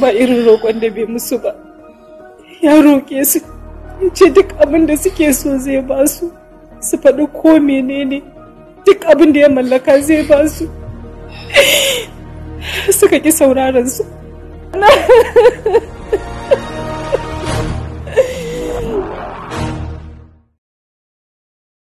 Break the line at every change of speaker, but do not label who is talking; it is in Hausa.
ba irin roƙon da bai musu ba ya roƙe su ya ce duk abin da suke so zai ba su su faɗi ko menene duk abin da ya mallaka zai ba su suka ƙi sauraron su